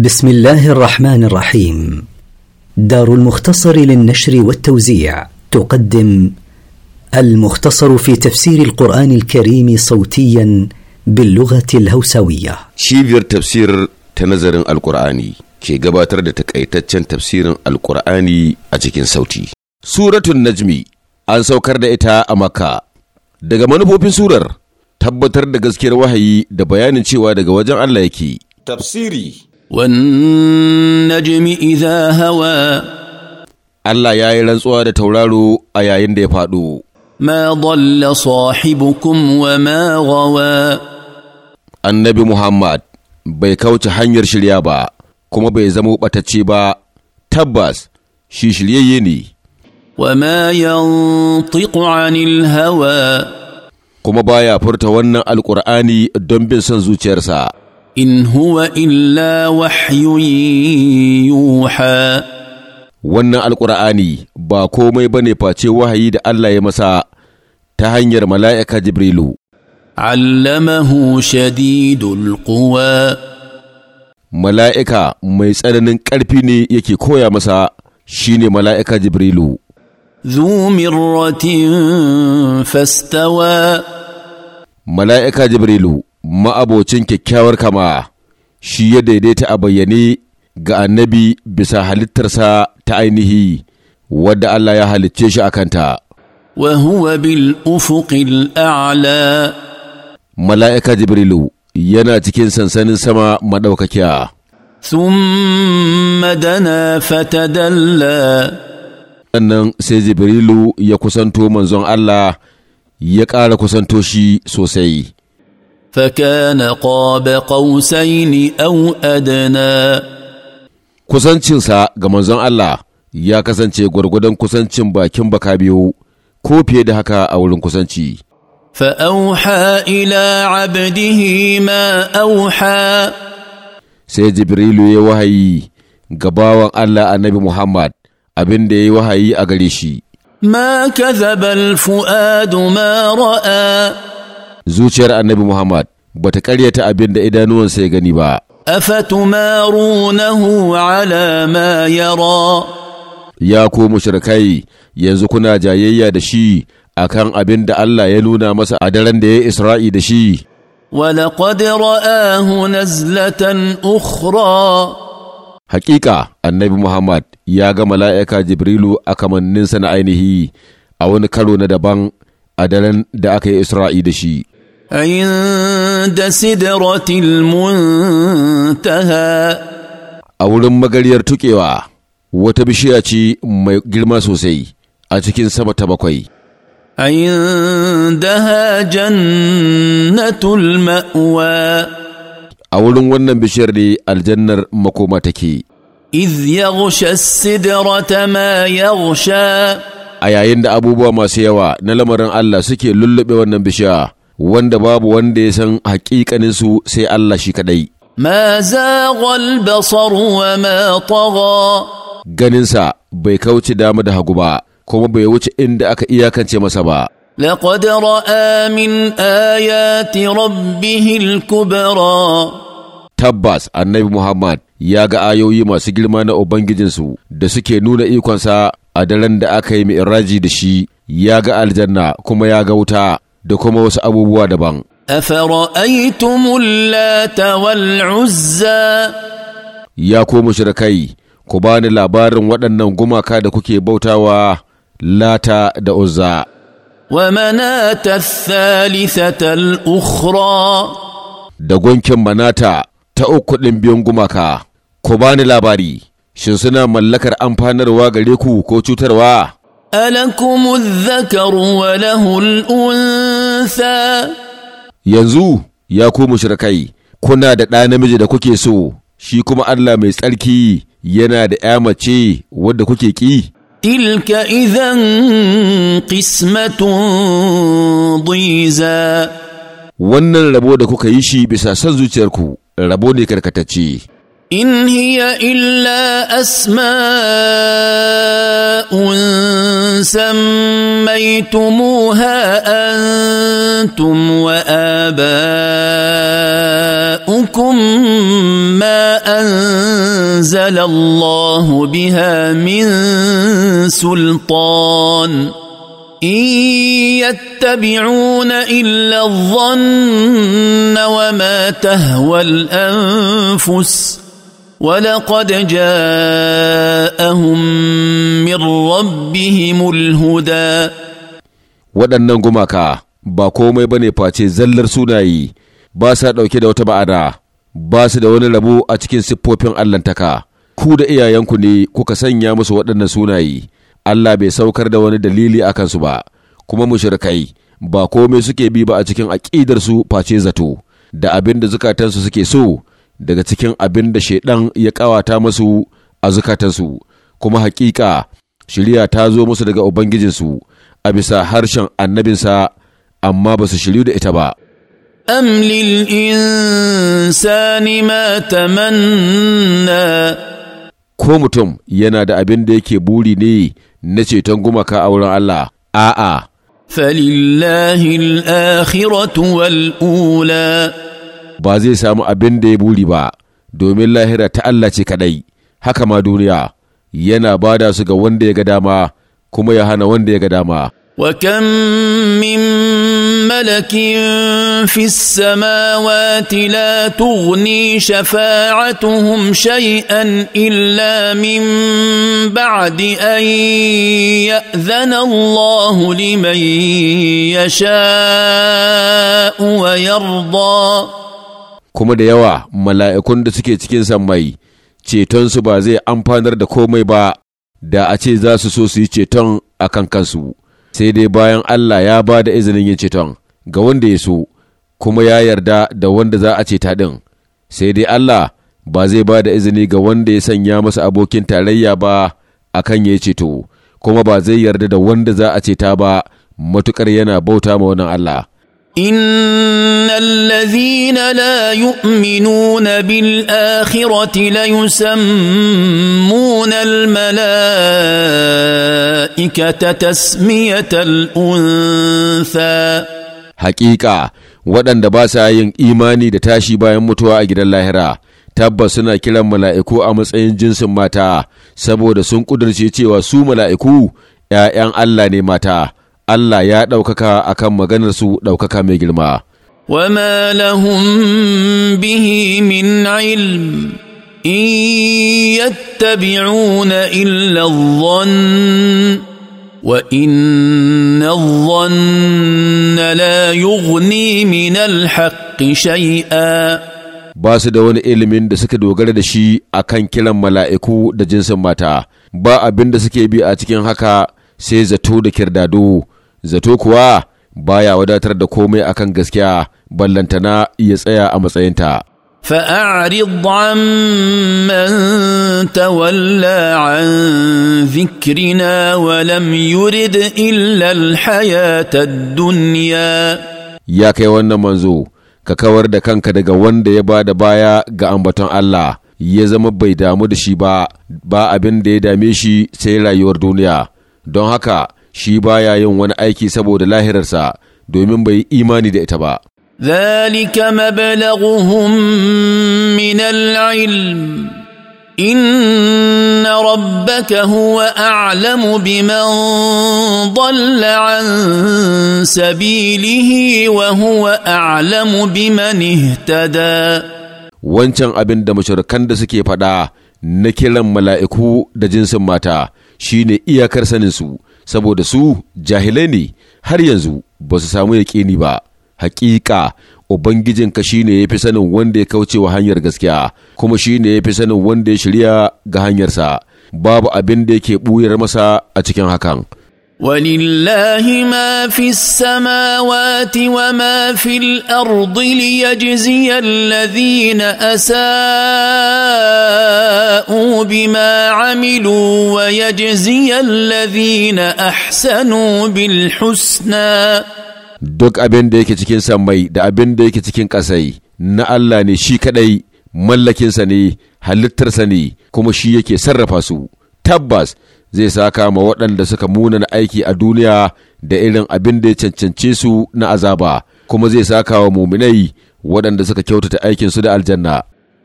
بسم الله الرحمن الرحيم دار المختصر للنشر والتوزيع تقدم المختصر في تفسير القرآن الكريم صوتيا باللغة الهوسوية شيفير تفسير تنظر القرآني كي قباتر تكأيتتشن تفسير القرآني أجيكين صوتي سورة النجم أن سوكر دائتا أمكا دقا manufofin surar tabbatar da gaskiyar wahayi da bayanin cewa daga wajen Allah والنجم إذا هوى Allah ya yi rantsuwa da tauraro a yayin da ya faɗo. Ma dalla sahibukum wa ma gawa. Annabi Muhammad bai kauce hanyar shirya ba, kuma bai zama ɓatacce ba, tabbas shi shiryayye ne. Wa ma hawa. Kuma baya furta wannan alƙur'ani don bin son zuciyarsa. in huwa illa wahyun yuha wannan alkur'ani ba komai bane face wahayi da Allah ya masa ta hanyar mala'ika Jibrilu. Allamahu shadidul quwa Mala'ika mai tsananin ƙarfi ne yake koya masa shi ne mala'ika Jibrilu. Zumirratin fastawa Mala'ika Jibrilu ma'abocin kyakkyawar kama shi ya daidaita a bayyane ga annabi bisa halittarsa ta ainihi wadda Allah ya halicce shi a kanta. Wahuwa bil ufuqil a'la Mala'ika Jibrilu yana cikin sansanin sama maɗaukakiya. madana fata dalla. Sannan sai Jibrilu ya kusanto manzon Allah ya ƙara kusanto shi sosai. فكان قاب قوسين أو أدنى kusancinsa ga manzon Allah ya kasance gwargwadon kusancin bakin baka biyu ko fiye da haka a wurin kusanci. Fa'auha ila abdihi ma auha Sai Jibrilu ya wahayi ga bawan Allah annabi Muhammad abin da ya yi wahayi a gare shi. Ma kazabal fu'adu ma ra'a zuciyar annabi Muhammad bata karyata abin da idanuwansa ya gani ba. Afatumarunahu ala ma yara. Ya koma mushrikai yanzu kuna jayayya da shi akan abin da Allah ya nuna masa a daren da ya Isra'i da shi. ولقد رآه نزلة أخرى حقيقة النبي محمد يا ملائكة جبريل أكمن ننسى عينه أو نكرون دبان أدلن دأك إسرائيل شي عند سدرة المنتهى a wurin magaryar tuƙewa, wata bishiya ce mai girma sosai a cikin sama ta bakwai عندها جنة المأوى a wurin wannan bishiyar ne aljannar makoma take إذ يغشى السدرة a yayin da abubuwa masu yawa na lamarin Allah suke lulluɓe wannan bishiya wanda babu wanda ya san haƙiƙaninsu sai Allah shi kaɗai. Ma zaghal basar wa ma tagha Ganinsa bai kauce dama da hagu ba, kuma bai wuce inda aka iyakance masa ba. ra'a min ayati ايات al-kubra Tabbas Annabi Muhammad ya ga ayoyi masu girma na Ubangijinsu da suke nuna ikonsa a daren da aka yi mi'raji da shi, ya ga aljanna kuma ya ga wuta. da kuma wasu abubuwa daban. Afara'aitumul lata ta uzza Ya koma mushrikai, ku bani labarin waɗannan gumaka da kuke bautawa lata da uzza. Wa manata thalithatal ukhra Da gunkin manata ta uku ɗin biyun gumaka, ku bani labari, shin suna mallakar amfanarwa gare ku ko cutarwa? ألكم الذكر وله الأنثى ينزو يا ku mushrikai kuna da ɗa namiji da kuke so shi kuma Allah mai tsarki yana da 'ya mace wadda kuke ƙi Ilka idan qismatun diza wannan rabo da kuka yi shi bisa son zuciyarku rabo ne karkatacce إن هي إلا أسماء سميتموها أنتم وآباؤكم ما أنزل الله بها من سلطان إن يتبعون إلا الظن وما تهوى الأنفس ۖ ولقد جاءهم من ربهم الهدى waɗannan gumaka ba komai ba ne face zallar sunayi ba sa ɗauke da wata ba'ada ba su da wani rabo a cikin siffofin allantaka ku da iyayenku ne kuka sanya musu waɗannan sunayi allah bai saukar da wani dalili a kansu ba kuma mushrikai ba komai suke bi ba a cikin su face zato da abin da zukatansu suke so daga cikin abin da shaidan ya ƙawata masu a zukatansu kuma haƙiƙa shirya ta zo musu daga ubangijinsu a bisa harshen annabinsa amma ba su shiryu da ita ba أم للإنسان ma tamanna. ko mutum yana da abin da yake buri ne na ceton gumaka a wurin Allah a'a falillahi al-akhiratu wal-ula ba zai samu abin da ya buri ba domin lahira ta Allah ce kadai haka ma duniya yana bada su ga wanda ya ga dama kuma ya hana wanda ya ga dama وكم من ملك في السماوات لا تغني شفاعتهم شيئا الا من بعد ان ياذن الله لمن يشاء ويرضى kuma da yawa mala'ikun da suke cikin mai ceton su ba zai amfanar da komai ba da a ce za su so su yi ceton a kan kansu sai dai bayan Allah ya ba da izinin yin ceton ga wanda ya so kuma ya yarda da wanda za a ceta ɗin sai dai Allah ba zai ba da izini ga wanda ya sanya masa abokin tarayya ba a kan ya ceto kuma ba zai yarda da wanda za a ceta ba matukar yana bauta ma wannan Allah. ان الذين لا يؤمنون بالاخره ليسمون الملائكه تسميه الانثى حقيقه waɗanda ba sa yin imani da tashi bayan mutuwa a gidan lahira tabbas suna kiran mala'iku a matsayin jinsin mata saboda sun ƙudurce cewa su mala'iku ‘ya'yan Allah ne mata’ Allah ya ɗaukaka a kan maganarsu ɗaukaka mai girma. وما لهم به من علم إن يتبعون إلا zon na la yi يغني min الحق شيئا ba su da wani ilimin da suka dogara da shi a kan kiran mala'iku da jinsin mata, ba abin da suke bi a cikin haka sai zato da kirdado zato kuwa baya wadatar da komai akan gaskiya ballantana ya tsaya a matsayinta فأعرض عمن تولى عن ذكرنا ولم يرد إلا hayata duniya. Ya kai wannan manzo ka kawar da kanka daga wanda ya ba da baya ga ambaton Allah ya zama bai damu da shi ba ba abin da ya dame shi sai rayuwar duniya don haka shi baya yin wani aiki saboda lahirarsa domin bai yi imani da ita ba ذلك مبلغهم من العلم ان ربك هو اعلم بمن sabilihi wa huwa a'lamu bi بمن اهتدى wancan abin da mashirkan da suke faɗa na kiran mala'iku da jinsin mata shine iyakar saninsu saboda su jahilai ne har yanzu ba su samu ni ba hakika ubangijinka shine ya fi sanin wanda ya kauce wa hanyar gaskiya kuma shine ya fi sanin wanda ya shirya ga hanyarsa babu abin da yake ɓuyar masa a cikin hakan ولله ما في السماوات وما في الارض ليجزي الذين اساءوا بما عملوا ويجزي الذين احسنوا بالحسنى duk abin da yake cikin sammai da abin da yake cikin ƙasai na Allah ne shi kaɗai mallakinsa ne halittarsa ne kuma shi yake sarrafa su tabbas zai saka ma waɗanda suka munana aiki a duniya da irin abin da ya cancance su na azaba kuma zai saka wa muminai waɗanda suka kyautata aikin su da aljanna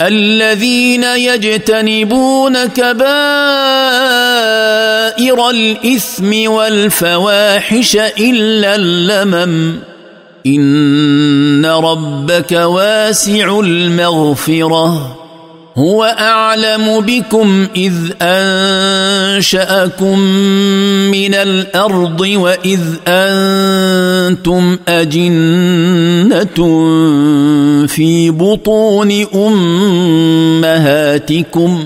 الذين يجتنبون كبائر الاثم والفواحش الا اللمم ان ربك واسع المغفره هو اعلم بكم اذ انشاكم من الارض واذ انتم اجنه في بطون امهاتكم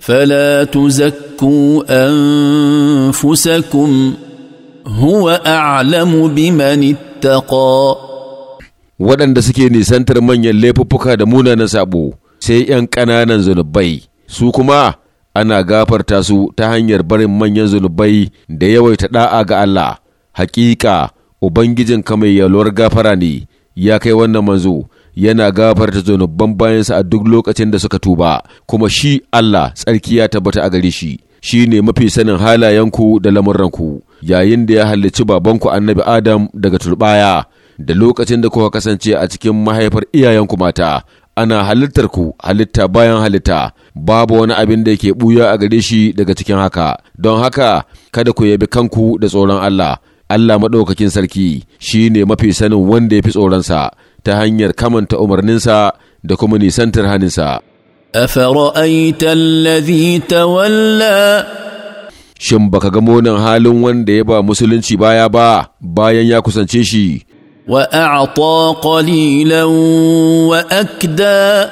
فلا تزكوا انفسكم هو اعلم بمن اتقى waɗanda suke سنتر من يلي da دمونا نسابو sai ‘yan ƙananan zunubai, su kuma ana gafarta su ta hanyar barin manyan zunubai da yawaita ɗa'a ga Allah, hakika ubangijin kamar yalwar gafara ne, ya kai wannan manzo, yana gafarta zunuban bayansa a duk lokacin da suka tuba, kuma shi Allah tsarki ya tabbata a gare shi. Shi ne mafi sanin halayenku da lamuranku, yayin da ya halicci babanku annabi Adam daga turbaya, da lokacin da kuka kasance a cikin mahaifar iyayenku mata, ana halittar ku halitta bayan halitta babu wani abin da yake buya a gare shi daga cikin haka don haka kada ku yabi kanku da tsoron Allah Allah maɗaukakin sarki shi ne mafi sanin wanda ya fi tsoronsa ta hanyar kamanta umarninsa da kuma nisantar haninsa. Afara'aita allazi tawalla Shin baka ga monin halin wanda ya ba musulunci baya ba bayan ya kusance shi واعطى قليلا واكدى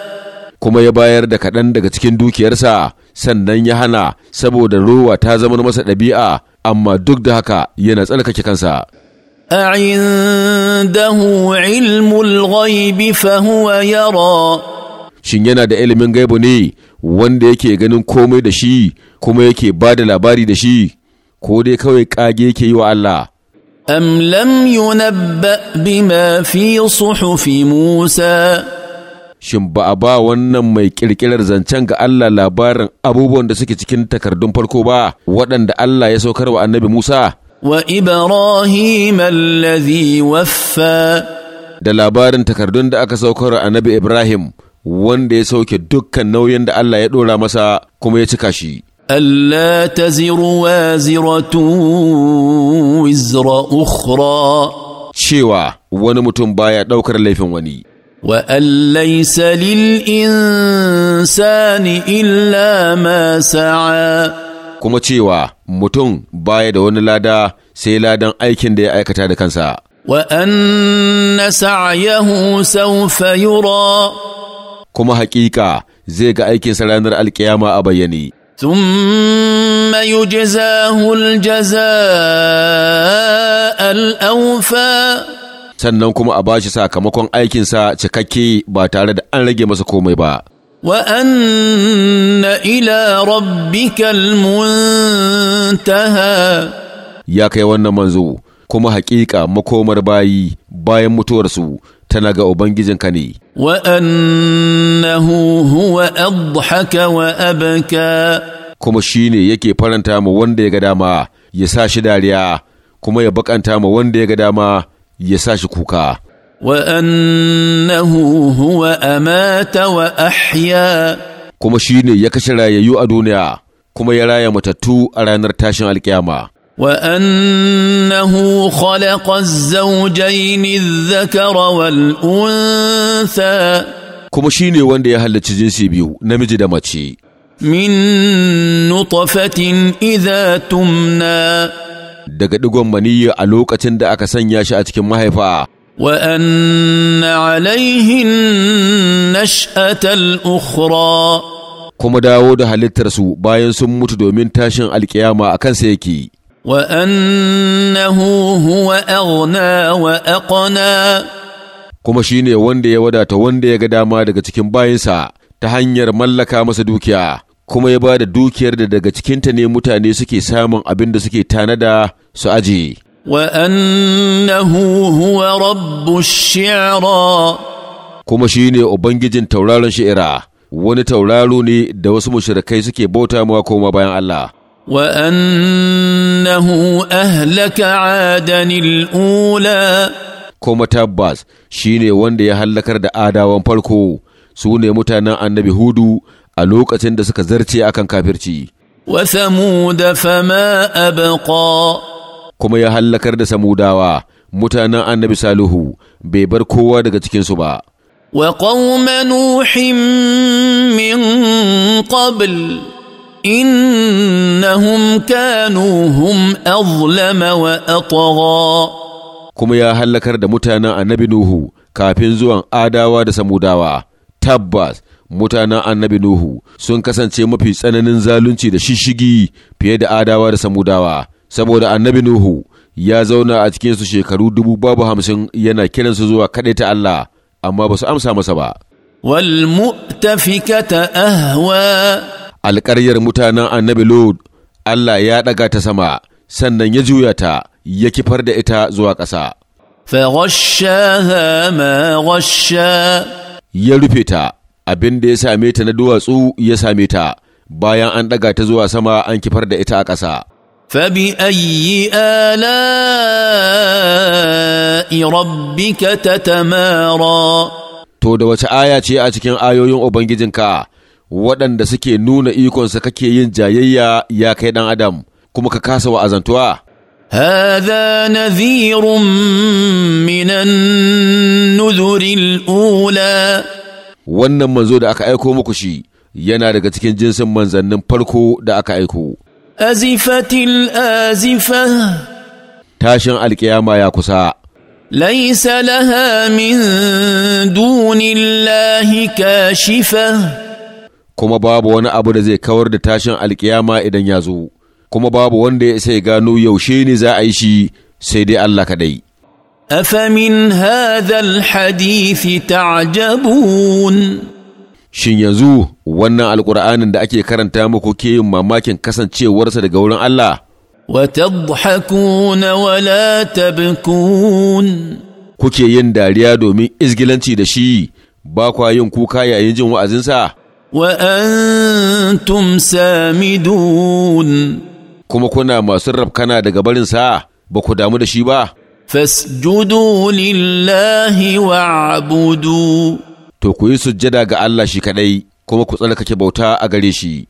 kuma ya bayar da kaɗan daga cikin dukiyarsa sannan ya hana saboda rowa ta zama masa ɗabi'a amma duk da haka yana tsarkake kansa أعنده علم الغيب فهو يرى Shin yana da ilimin gaibu ne wanda yake ganin komai da shi kuma yake bada labari da shi ko dai kawai ƙage yake yi wa Allah أم لم ينبأ بما في صحف موسى Shin ba a ba wannan mai ƙirƙirar zancen ga Allah labarin abubuwan da suke cikin takardun farko ba waɗanda Allah ya saukar wa annabi Musa? Wa Ibrahim allazi waffa. Da labarin takardun da aka saukar wa annabi Ibrahim wanda ya sauke dukkan nauyin da Allah ya ɗora masa kuma ya cika shi. Allah ta ziru wa wizra ukhra cewa wani mutum baya ɗaukar laifin wani Wa'allai ليس للإنسان إلا ما kuma cewa mutum baya da wani lada sai ladan aikin da ya aikata da kansa. وأن سعيه سوف يرى kuma haƙiƙa zai ga aikinsa ranar alƙiyama a bayyane. ثم يجزاه الجزاء الأوفى sannan kuma a bashi sakamakon aikinsa cikakke ba tare da an rage masa komai ba. وأن إلى ربك المنتهى يا كي wannan manzo kuma haƙiƙa makomar bayi bayan mutuwarsu tana ga Ubangijinka ne. Wa'annahu huwa adhaka wa abaka. Kuma shi ne yake faranta mu wanda ya ga dama ya sa shi dariya, kuma ya bakanta mu wanda ya ga dama ya sa shi kuka. Wa'annahu huwa amata wa ahya. Kuma shi ne ya kashe rayayyu a duniya, kuma ya raya matattu a ranar tashin alkiyama. وانه خلق الزوجين الذكر والانثى kuma shine wanda ya halarci jinsi biyu namiji da mace min nutfatin idza tumna daga digon maniyyi a lokacin da aka sanya shi a cikin mahaifa wa anna alaihin nash'atal ukhra kuma dawo da halittarsu bayan sun mutu domin tashin alkiyama a kansa yake وأنه هو أغنى وأقنى kuma shi ne wanda ya wadata wanda ya ga dama daga cikin bayansa ta hanyar mallaka masa dukiya kuma ya ba da dukiyar da daga cikinta ne mutane suke samun abin da suke tanada su aji. وأنه هو رب الشعرى kuma shi ne Ubangijin tauraron shi'ira wani tauraro ne da wasu mushrikai suke bauta ma koma bayan Allah. وأنه أهلك عادا الأولى كما تباز شيني وند يهلكر دا آدا ومبالكو سوني متانا النبي هودو ألوك أتند سكزرتي أكن كافرتي وثمود فما أبقى كما يهلكر دا سموداوا متانا النبي سالوه بيبر كوا تكين سبا وقوم نوح من قبل innahum kanu hum azlama wa atgha kuma ya hallakar da mutanen annabi nuhu kafin zuwan adawa da samudawa tabbas mutanen annabi nuhu sun kasance mafi tsananin zalunci da shishigi fiye da adawa da samudawa saboda annabi nuhu ya zauna a cikinsu shekaru dubu babu hamsin yana kiransu zuwa kaɗai ta Allah amma ba su amsa masa ba. Wal mu'tafikata ahwa alƙaryar mutanen annabi Lod, Allah ya ɗaga ta sama, sannan ya juya ta, ya kifar da ita zuwa ƙasa. ya rufe ta abin da ya same ta na duwatsu ya same ta bayan an ɗaga ta zuwa sama an kifar da ita a ƙasa فبأي ka ta tamara. To da wace aya ce a cikin ayoyin Ubangijinka waɗanda suke nuna ikonsa kake yin jayayya ya kai ɗan adam kuma ka kasa wa'azantuwa. هذا نذير minan النذر ula. wannan manzo da aka aiko muku shi yana daga cikin jinsin manzannin farko da aka aiko. Azifatil azifa Tashin alkiyama ya kusa. Laisa laha min dunillahi kashifa kuma babu wani abu da zai kawar da tashin alkiyama idan ya zo kuma babu wanda ya isa ya gano yaushe ne za a yi shi sai dai Allah kadai Afamin هذا hadifi تعجبون Shin yanzu wannan alƙur'anin da ake karanta muku ke yin mamakin kasancewarsa daga wurin Allah? وتضحكون ولا تبكون Kuke yin dariya domin izgilanci da shi, ba kwa yin kuka yayin jin wa'azinsa? وأنتم سامدون Kuma كنا ما سرب كان daga barin sa ba ku damu da shi ba fasjudu lillahi wa'budu to kuyi yi sujjada ga Allah shi kaɗai, kuma ku tsara kake bauta a gare shi